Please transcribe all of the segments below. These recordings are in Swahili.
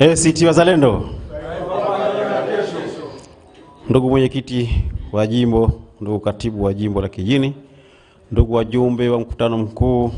ACT Wazalendo, ndugu mwenyekiti wa jimbo, ndugu katibu wa jimbo la Kijini, ndugu wajumbe wa mkutano mkuu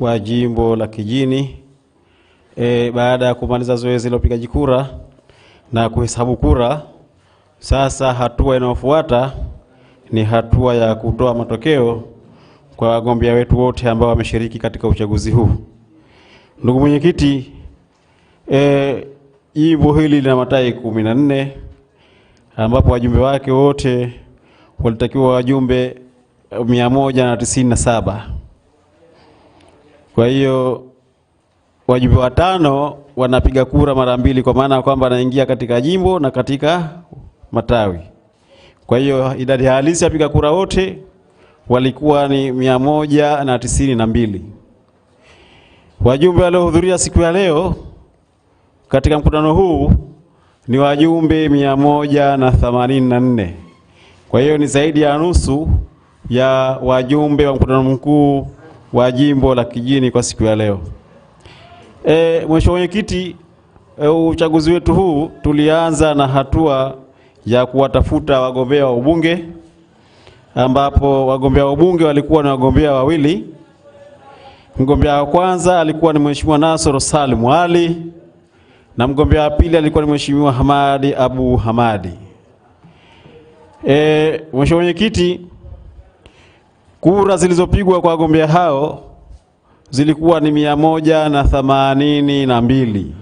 wa jimbo la Kijini. E, baada ya kumaliza zoezi la upigaji kura na kuhesabu kura sasa hatua inayofuata ni hatua ya kutoa matokeo kwa wagombea wetu wote ambao wameshiriki katika uchaguzi huu. Ndugu mwenyekiti, e, jimbo hili lina matai kumi na nne ambapo wajumbe wake wote walitakiwa wajumbe mia moja na tisini na saba. Kwa hiyo wajumbe watano wanapiga kura mara mbili, kwa maana ya kwamba anaingia katika jimbo na katika matawi. Kwa hiyo idadi halisi ya wapiga kura wote walikuwa ni mia moja na tisini na mbili. Wajumbe waliohudhuria siku ya leo katika mkutano huu ni wajumbe mia moja na themanini na nne. Kwa hiyo ni zaidi ya nusu ya wajumbe wa mkutano mkuu wa jimbo la Kijini kwa siku ya leo. E, Mheshimiwa Mwenyekiti, eh, uchaguzi wetu huu tulianza na hatua ya kuwatafuta wagombea wa ubunge ambapo wagombea wa ubunge walikuwa ni wagombea wawili. Mgombea wa kwanza alikuwa ni Mheshimiwa Nasoro Salim Ali na mgombea wa pili alikuwa ni Mheshimiwa Hamadi Abu Hamadi. E, Mheshimiwa Mwenyekiti, kura zilizopigwa kwa wagombea hao zilikuwa ni mia moja na themanini na mbili.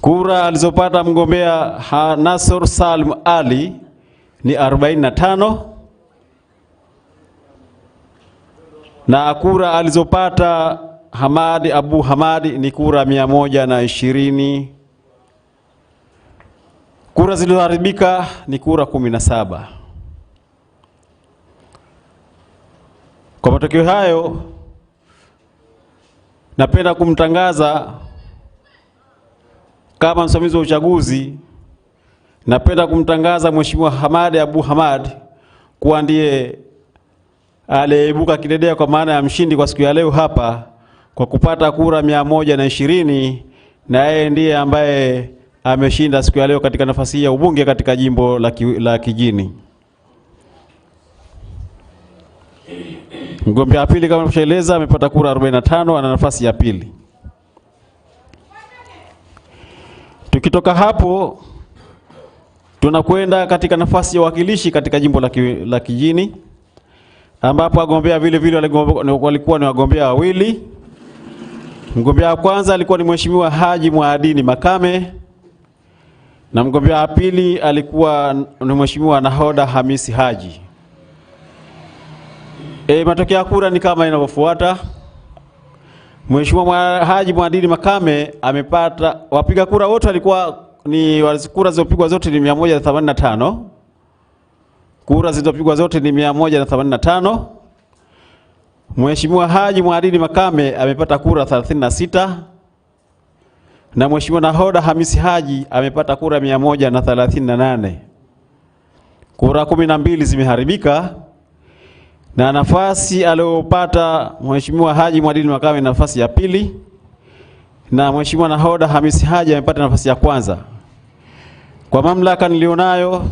Kura alizopata mgombea Nasor Salim Ali ni 45 na kura alizopata Hamadi Abu Hamadi ni kura mia moja na ishirini. Kura zilizoharibika ni kura 17. Kwa matokeo hayo, napenda kumtangaza kama msimamizi wa uchaguzi, napenda kumtangaza Mheshimiwa Hamad Abu Hamad kuwa ndiye aliyeibuka kidedea kwa maana ya mshindi kwa siku ya leo hapa kwa kupata kura mia moja na ishirini na yeye ndiye ambaye ameshinda siku ya leo katika nafasi hii ya ubunge katika jimbo la, ki, la Kijini. Mgombea wa pili kama nilivyoeleza amepata kura 45 ana nafasi ya pili. Tukitoka hapo tunakwenda katika nafasi ya wakilishi katika jimbo la Kijini ambapo wagombea vile vile walikuwa ni wagombea wawili. Mgombea wa kwanza alikuwa ni Mheshimiwa Haji Mwaadini Makame na mgombea wa pili alikuwa ni Mheshimiwa Nahoda Hamisi Haji. E, matokeo ya kura ni kama inavyofuata. Mheshimiwa Haji Mwadili Makame amepata wapiga kura wote walikuwa ni kura zilizopigwa zote ni 185. Kura zilizopigwa zote ni 185. Mheshimiwa Haji Mwadili Makame amepata kura 36 na Mheshimiwa Nahoda Hamisi Haji amepata kura 138. Kura 12 zimeharibika na nafasi aliyopata Mheshimiwa Haji Mwadili Makame nafasi ya pili, na Mheshimiwa Nahoda Hamisi Haji amepata nafasi ya kwanza. Kwa mamlaka nilionayo,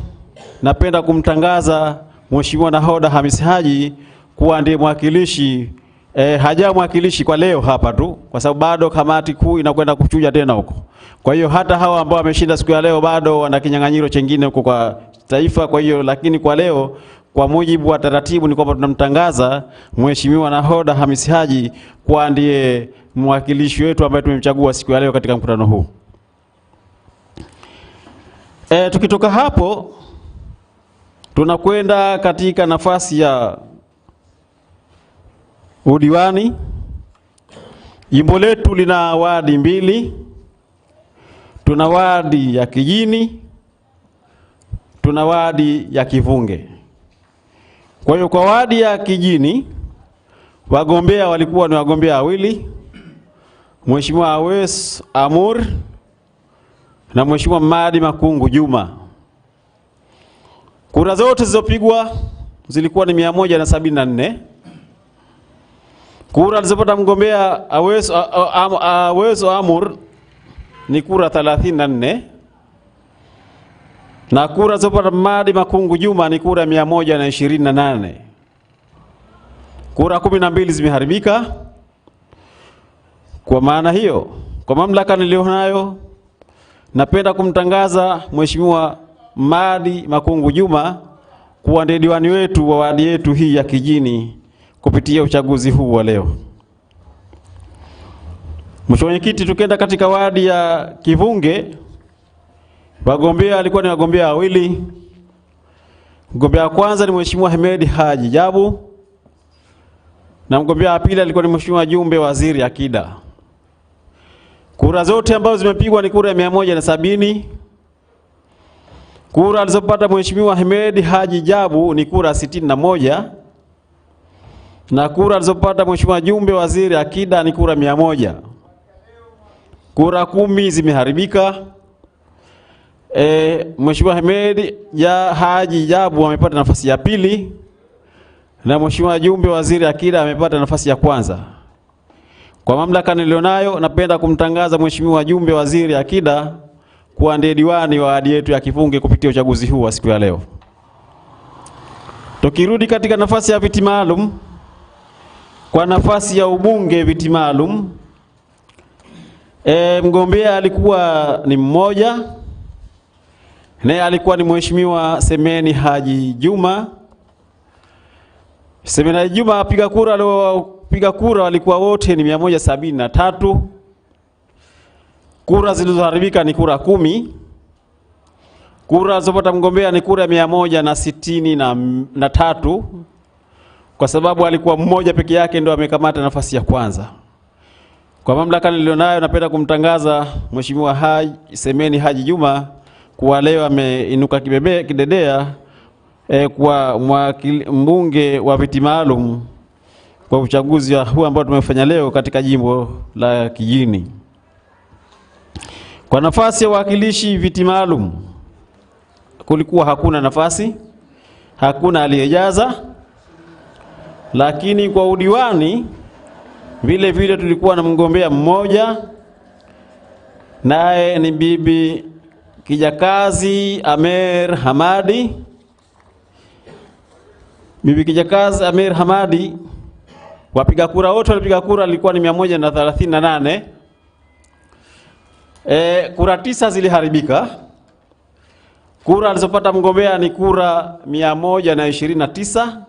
napenda kumtangaza Mheshimiwa Nahoda Hamisi Haji kuwa ndiye mwakilishi e, haja mwakilishi kwa leo hapa tu, kwa sababu bado kamati kuu inakwenda kuchuja tena huko. Kwa hiyo hata hawa ambao wameshinda siku ya leo bado wana kinyang'anyiro chengine huko kwa taifa. Kwa hiyo lakini kwa leo kwa mujibu wa taratibu ni kwamba tunamtangaza Mheshimiwa Nahoda Hamisi Haji kwa ndiye mwakilishi wetu ambaye tumemchagua siku ya leo katika mkutano huu. E, tukitoka hapo tunakwenda katika nafasi ya udiwani. Jimbo letu lina wadi mbili. Tuna wadi ya Kijini, tuna wadi ya Kivunge. Kwa hiyo kwa wadi ya Kijini wagombea walikuwa ni wagombea wawili, Mheshimiwa Awes Amur na Mheshimiwa Madi Makungu Juma. Kura zote zilizopigwa zilikuwa ni mia moja na sabini na nne. Kura alizopata mgombea Awes Amur ni kura 34 na kura zilizopata madi Makungu Juma ni kura moja na nane. Kura mbili zimeharibika. Kwa maana hiyo, kwa mamlaka niliyonayo, napenda kumtangaza Mheshimiwa madi Makungu Juma kuwa ndiye diwani wetu wa wadi yetu hii ya Kijini kupitia uchaguzi huu wa leo. Mheshimiwa Mwenyekiti, tukienda katika wadi ya Kivunge Wagombea alikuwa ni wagombea wawili. Mgombea wa kwanza ni Mheshimiwa Hemed Haji Jabu na mgombea wa pili alikuwa ni Mheshimiwa Jumbe Waziri Akida. Kura zote ambazo zimepigwa ni kura ya mia moja na sabini. Kura alizopata Mheshimiwa hamedi Haji Jabu ni kura sitini na moja na kura alizopata Mheshimiwa Jumbe Waziri Akida ni kura mia moja. Kura kumi zimeharibika. E, Mheshimiwa Hemedi ya Haji Jabu amepata nafasi ya pili na Mheshimiwa Jumbe Waziri Akida amepata nafasi ya kwanza. Kwa mamlaka nilionayo, napenda kumtangaza Mheshimiwa Jumbe Waziri Akida kuwa ndiye diwani wa wadi yetu ya Kifunge kupitia uchaguzi huu wa siku ya leo. Tukirudi katika nafasi ya viti maalum, kwa nafasi ya ubunge viti maalum, e, mgombea alikuwa ni mmoja naye alikuwa ni Mheshimiwa Semeni Haji Juma. Semeni Haji Juma, apiga kura aliopiga kura walikuwa wote ni tatu. Kura zilizoharibika ni kura kumi. Kura zilizopata mgombea ni kura mia moja na sitini na, na tatu kwa sababu alikuwa mmoja peke yake ndo amekamata nafasi ya kwanza. Kwa mamlaka nilionayo, napenda kumtangaza Mheshimiwa Haji Semeni Haji Juma kuwa leo ameinuka kidedea e, eh, kwa mbunge wa viti maalum kwa uchaguzi huu ambao tumefanya leo katika jimbo la Kijini kwa nafasi ya wakilishi viti maalum kulikuwa hakuna nafasi, hakuna aliyejaza. Lakini kwa udiwani vile vile tulikuwa na mgombea mmoja, naye ni bibi Kijakazi Amer Hamadi. Bibi Kijakazi Amer Hamadi, wapiga kura wote walipiga kura ilikuwa ni 138. E, kura tisa ziliharibika. Kura alizopata mgombea ni kura 129.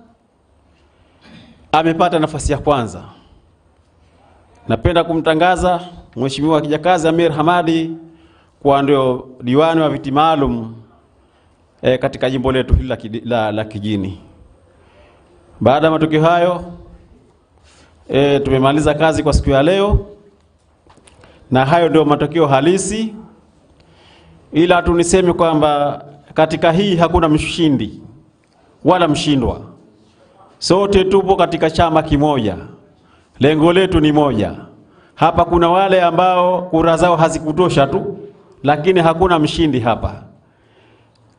Amepata nafasi ya kwanza. Napenda kumtangaza Mheshimiwa Kijakazi amer Hamadi kuwa ndio diwani wa viti maalum e, katika jimbo letu hili la, la, la Kijini. Baada ya matukio hayo e, tumemaliza kazi kwa siku ya leo, na hayo ndio matokeo halisi, ila tuniseme kwamba katika hii hakuna mshindi wala mshindwa, sote tupo katika chama kimoja, lengo letu ni moja. Hapa kuna wale ambao kura zao hazikutosha tu lakini hakuna mshindi hapa.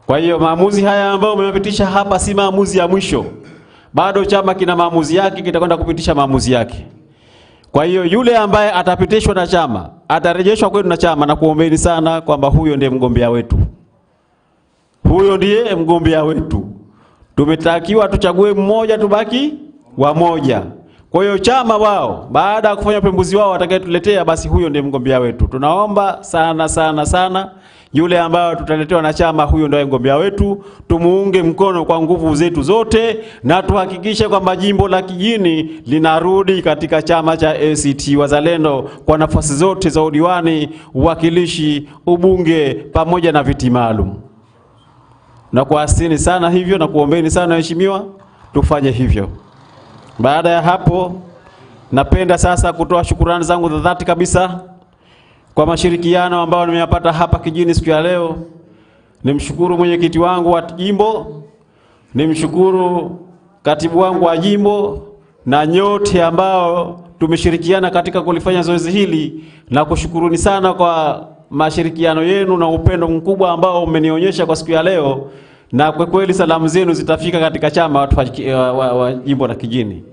Kwa hiyo maamuzi haya ambayo umeyapitisha hapa si maamuzi ya mwisho, bado chama kina maamuzi yake, kitakwenda kupitisha maamuzi yake. Kwa hiyo yule ambaye atapitishwa na chama atarejeshwa kwenu na chama, na kuombeni sana kwamba huyo ndiye mgombea wetu, huyo ndiye mgombea wetu. Tumetakiwa tuchague mmoja, tubaki wamoja. Kwa hiyo chama wao baada ya kufanya upembuzi wao watakayetuletea basi huyo ndiye mgombea wetu. Tunaomba sana sana sana yule ambayo tutaletewa na chama, huyo ndio mgombea wetu. Tumuunge mkono kwa nguvu zetu zote, na tuhakikishe kwamba jimbo la Kijini linarudi katika chama cha ACT Wazalendo kwa nafasi zote za udiwani, uwakilishi, ubunge pamoja na viti maalum. Na kuasini sana hivyo na kuombeni sana waheshimiwa, tufanye hivyo. Baada ya hapo, napenda sasa kutoa shukurani zangu za dhati kabisa kwa mashirikiano ambayo nimeyapata hapa kijini siku ya leo. Nimshukuru mwenyekiti wangu wa jimbo, nimshukuru katibu wangu wa jimbo na nyote ambao tumeshirikiana katika kulifanya zoezi hili, na kushukuruni sana kwa mashirikiano yenu na upendo mkubwa ambao mmenionyesha kwa siku ya leo na kwa kweli salamu zenu zitafika katika chama watu wa jimbo la Kijini.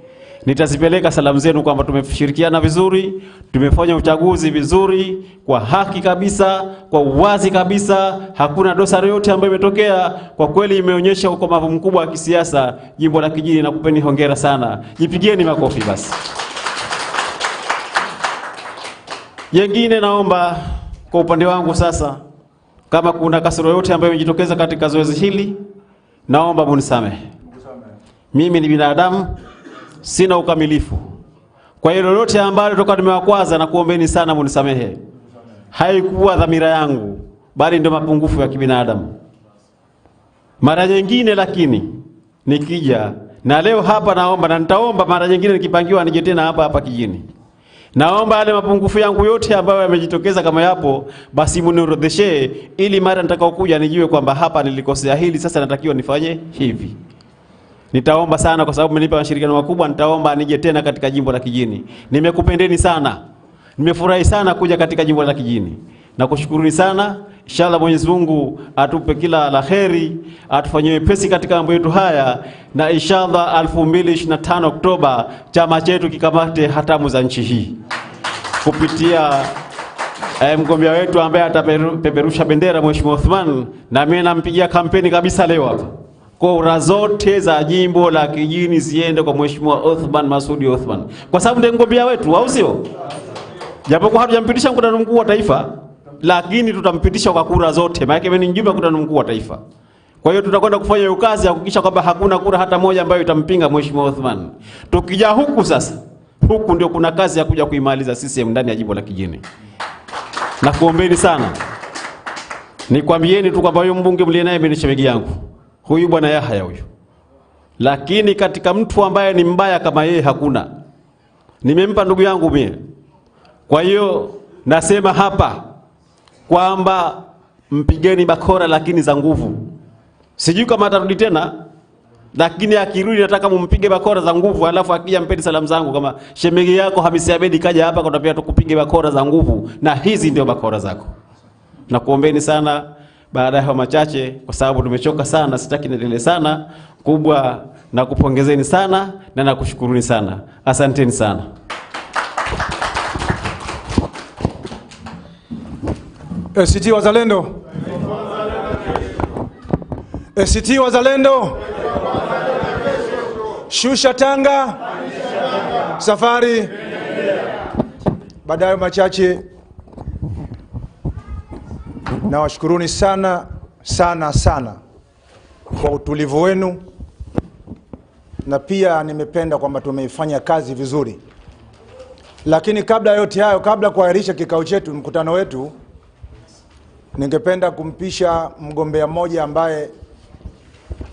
Nitazipeleka salamu zenu kwamba tumeshirikiana vizuri, tumefanya uchaguzi vizuri kwa haki kabisa, kwa uwazi kabisa, hakuna dosari yote ambayo imetokea. Kwa kweli imeonyesha ukomavu mkubwa wa kisiasa jimbo la Kijini, na kupeni hongera sana, jipigieni makofi basi. Jengine naomba kwa upande wangu sasa kama kuna kasoro yote ambayo imejitokeza katika zoezi hili, naomba munisamehe. Mimi ni binadamu, sina ukamilifu. Kwa hiyo lolote ambalo toka nimewakwaza, na kuombeni sana munisamehe. Haikuwa dhamira yangu, bali ndio mapungufu ya kibinadamu. Mara nyingine lakini nikija na leo hapa naomba na nitaomba mara nyingine nikipangiwa nije tena hapa hapa kijini. Naomba yale mapungufu yangu yote ambayo yamejitokeza kama yapo, basi muniorodheshee, ili mara nitakaokuja nijue kwamba hapa nilikosea hili, sasa natakiwa nifanye hivi. Nitaomba sana kwa sababu mmenipa mashirikiano makubwa, nitaomba nije tena katika jimbo la Kijini. Nimekupendeni sana, nimefurahi sana kuja katika jimbo la Kijini, nakushukuruni sana Inshallah Mwenyezi Mungu atupe kila la kheri, atufanyie wepesi katika mambo yetu haya, na inshallah 2025 Oktoba chama chetu kikamate hatamu za nchi hii kupitia eh, mgombea wetu ambaye atapeperusha bendera Mheshimiwa Othman, na mimi nampigia kampeni kabisa leo hapa kura zote za jimbo la Kijini ziende kwa Mheshimiwa Othman Masudi Othman, kwa sababu ndiye mgombea wetu, au sio? Japokuwa hatujampitisha mkutano mkuu wa taifa lakini tutampitisha kwa kura zote, maana yake ni mjumbe wa mkutano mkuu wa taifa. Kwa hiyo tutakwenda kufanya hiyo kazi ya kuhakikisha kwamba hakuna kura hata moja ambayo itampinga Mheshimiwa Othman. Tukija huku sasa, huku ndio kuna kazi ya kuja kuimaliza CCM ndani ya jimbo la Kijini. Na kuombeni sana, nikwambieni tu kwamba huyo mbunge mlie naye mimi ni shemeji yangu, huyu bwana Yahaya huyu, lakini katika mtu ambaye ni mbaya kama yeye hakuna. Nimempa ndugu yangu mie, kwa hiyo nasema hapa kwamba mpigeni bakora, lakini za nguvu. Sijui kama atarudi tena, lakini akirudi nataka mumpige bakora za nguvu, alafu akija mpeni salamu zangu, kama shemegi yako Hamisi Abedi kaja hapa tupia tukupige bakora za nguvu, na hizi ndio bakora zako. Nakuombeni sana baada ya machache, kwa sababu tumechoka sana, sitaki niendelee sana kubwa. Nakupongezeni sana na nakushukuruni sana, asanteni sana. ACT Wazalendo, ACT Wazalendo, shusha tanga, safari. Baada ya machache, nawashukuruni sana sana sana kwa utulivu wenu, na pia nimependa kwamba tumeifanya kazi vizuri. Lakini kabla yote hayo, kabla kuahirisha kikao chetu, mkutano wetu Ningependa kumpisha mgombea mmoja ambaye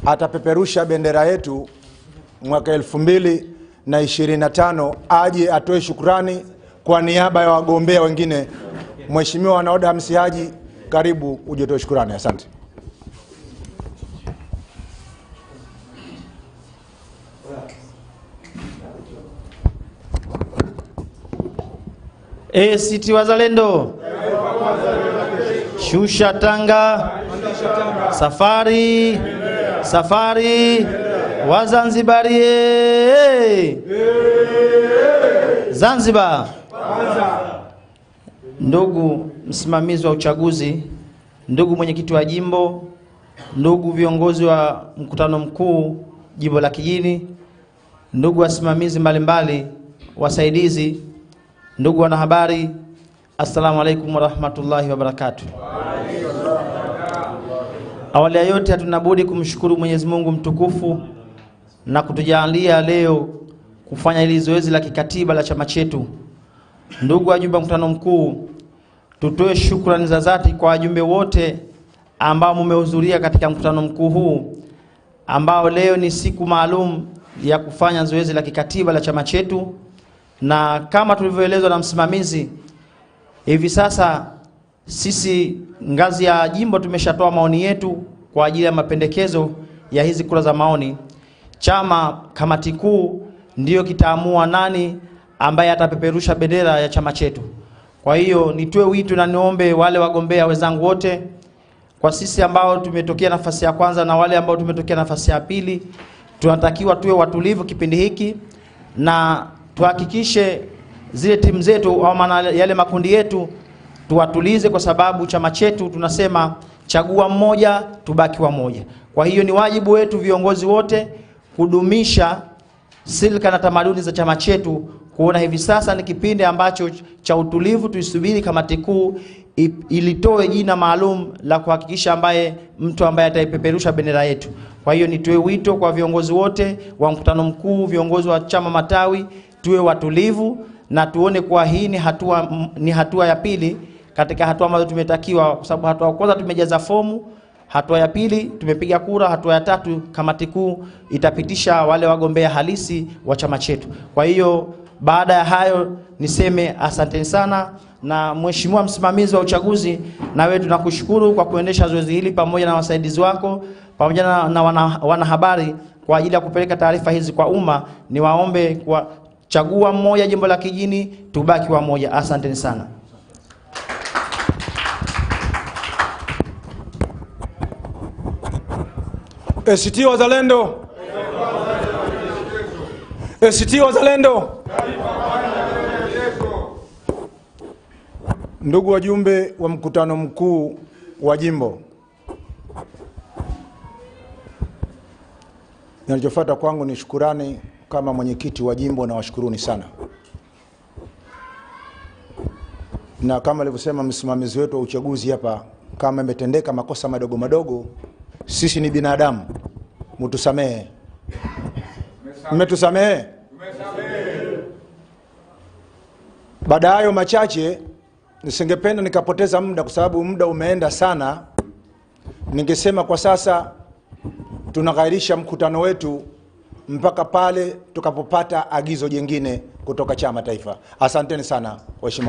atapeperusha bendera yetu mwaka elfu mbili na ishirini na tano aje atoe shukrani kwa niaba ya wagombea wengine. Mheshimiwa Naoda Hamisi Haji, karibu ujetoe shukrani. Asante. ACT Wazalendo shusha tanga, safari safari, Wazanzibari Zanzibar. Ndugu msimamizi wa uchaguzi, ndugu mwenyekiti wa jimbo, ndugu viongozi wa mkutano mkuu jimbo la Kijini, ndugu wasimamizi mbalimbali, wasaidizi, ndugu wanahabari, assalamu alaikum warahmatullahi wabarakatuh. Awali ya yote hatuna kumshukuru Mwenyezi Mungu mtukufu na kutujalia leo kufanya hili zoezi la kikatiba la chama chetu. Ndugu wajumbe mkutano mkuu, tutoe shukrani za dhati kwa wajumbe wote ambao mumehudhuria katika mkutano mkuu huu ambao leo ni siku maalum ya kufanya zoezi la kikatiba la chama chetu, na kama tulivyoelezwa na msimamizi, hivi sasa sisi ngazi ya jimbo tumeshatoa maoni yetu kwa ajili ya mapendekezo ya hizi kura za maoni. Chama kamati kuu ndiyo kitaamua nani ambaye atapeperusha bendera ya chama chetu. Kwa hiyo nitoe wito na niombe wale wagombea wenzangu wote, kwa sisi ambao tumetokea nafasi ya kwanza na wale ambao tumetokea nafasi ya pili, tunatakiwa tuwe watulivu kipindi hiki na tuhakikishe zile timu zetu au maana yale makundi yetu tuwatulize, kwa sababu chama chetu tunasema chagua mmoja tubaki moja Kwa hiyo ni wajibu wetu viongozi wote kudumisha silka na tamaduni za chama chetu, kuona hivi sasa ni kipindi ambacho cha utulivu, tuisubiri kamati kuu ilitoe jina maalum la kuhakikisha ambaye mtu ambaye ataipeperusha bendera yetu. Kwa hiyo nitoe wito kwa viongozi wote wa mkutano mkuu, viongozi wa chama matawi, tuwe watulivu na tuone kuwa hii ni hatua, ni hatua ya pili katika hatua ambazo tumetakiwa, kwa sababu hatua ya kwanza tumejaza fomu, hatua ya pili tumepiga kura, hatua ya tatu kamati kuu itapitisha wale wagombea halisi wa chama chetu. Kwa hiyo baada ya hayo niseme asanteni sana, na mheshimiwa msimamizi wa uchaguzi, nawe tunakushukuru kwa kuendesha zoezi hili pamoja na wasaidizi wako pamoja na, na wanahabari wana kwa ajili ya kupeleka taarifa hizi kwa umma. Niwaombe kwa chagua mmoja jimbo la kijini, tubaki wamoja. Asanteni sana. ACT Wazalendo, ACT Wazalendo. Ndugu wajumbe wa mkutano mkuu wa jimbo, ninachofuata kwangu ni shukurani kama mwenyekiti wa jimbo, na washukuruni sana, na kama alivyosema msimamizi wetu wa uchaguzi hapa, kama imetendeka makosa madogo madogo, sisi ni binadamu, mutusamehe. Mmetusamehe? Baada ya hayo machache, nisingependa nikapoteza muda, kwa sababu muda umeenda sana. Ningesema kwa sasa tunaghairisha mkutano wetu mpaka pale tukapopata agizo jingine kutoka chama taifa. Asanteni sana waheshimiwa.